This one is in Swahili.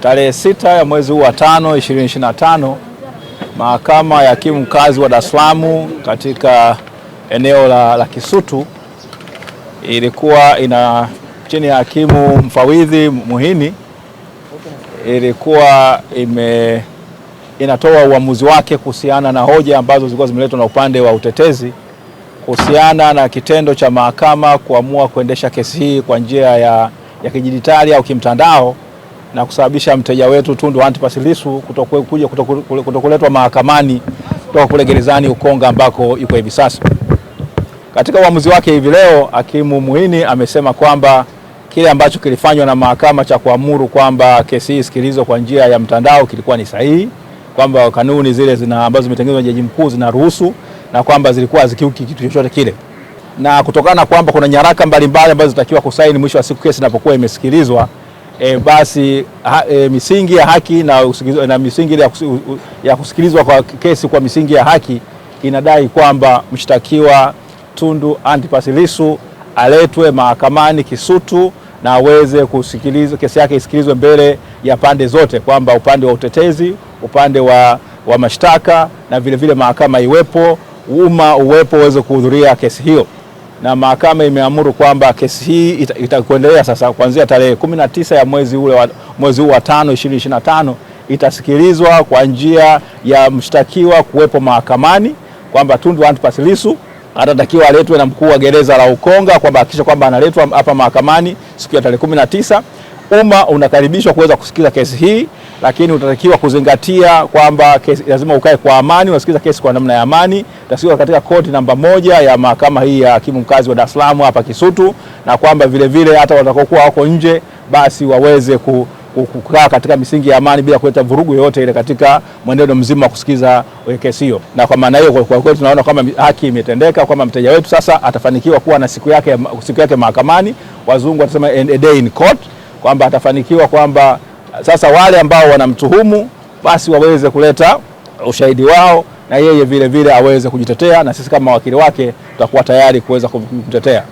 Tarehe sita ya mwezi huu wa tano 2025 mahakama ya hakimu mkazi wa Dar es Salaam katika eneo la, la Kisutu ilikuwa ina chini ya hakimu mfawidhi Muhini ilikuwa ime, inatoa uamuzi wake kuhusiana na hoja ambazo zilikuwa zimeletwa na upande wa utetezi kuhusiana na kitendo cha mahakama kuamua kuendesha kesi hii kwa njia ya, ya kidijitali au kimtandao na kusababisha mteja wetu Tundu Antipas Lissu kutokuja kutokuletwa mahakamani kutoka kule gerezani Ukonga ambako yuko hivi sasa. Katika uamuzi wake hivi leo, hakimu Muhini amesema kwamba kile ambacho kilifanywa na mahakama cha kuamuru kwamba kesi hii isikilizwe kwa njia ya mtandao kilikuwa ni sahihi, kwamba kanuni zile zina ambazo zimetengenezwa na jaji mkuu zinaruhusu na kwamba zilikuwa zikiuki kitu chochote kile, na kutokana na kwamba kuna nyaraka mbalimbali ambazo zitakiwa kusaini mwisho wa siku kesi inapokuwa imesikilizwa e, basi ha, e, misingi ya haki na, na misingi ya, ya kusikilizwa kwa kesi kwa misingi ya haki inadai kwamba mshtakiwa Tundu Antipas Lissu aletwe mahakamani Kisutu na aweze kusikilizwa kesi yake isikilizwe mbele ya pande zote, kwamba upande wa utetezi, upande wa, wa mashtaka na vilevile mahakama iwepo, umma uwepo uweze kuhudhuria kesi hiyo na mahakama imeamuru kwamba kesi hii itakuendelea ita sasa kuanzia tarehe kumi na tisa ya mwezi ule wa, mwezi huu wa tano ishirini ishirini na tano itasikilizwa kwa njia ya mshtakiwa kuwepo mahakamani kwamba Tundu Antipas Lissu atatakiwa aletwe na mkuu wa gereza la Ukonga kwamba hakikisha kwamba analetwa hapa mahakamani siku ya tarehe kumi na tisa umma unakaribishwa kuweza kusikiliza kesi hii, lakini utatakiwa kuzingatia kwamba lazima ukae kwa amani, unasikiliza kesi kwa namna ya amani. Utasikilizwa katika koti namba moja ya mahakama hii ya hakimu mkazi wa Dar es Salaam hapa Kisutu, na kwamba vilevile hata watakokuwa wako nje basi waweze ku kukaa katika misingi ya amani bila kuleta vurugu yoyote ile katika mwenendo mzima wa kusikiza eh, kesi hiyo. Na kwa maana hiyo, kwa kweli tunaona kwamba haki imetendeka, kwamba mteja wetu sasa atafanikiwa kuwa na siku yake, siku yake mahakamani. Wazungu watasema a day in court kwamba atafanikiwa kwamba sasa wale ambao wanamtuhumu basi waweze kuleta ushahidi wao na yeye vile vile aweze kujitetea, na sisi kama wakili wake tutakuwa tayari kuweza kumtetea.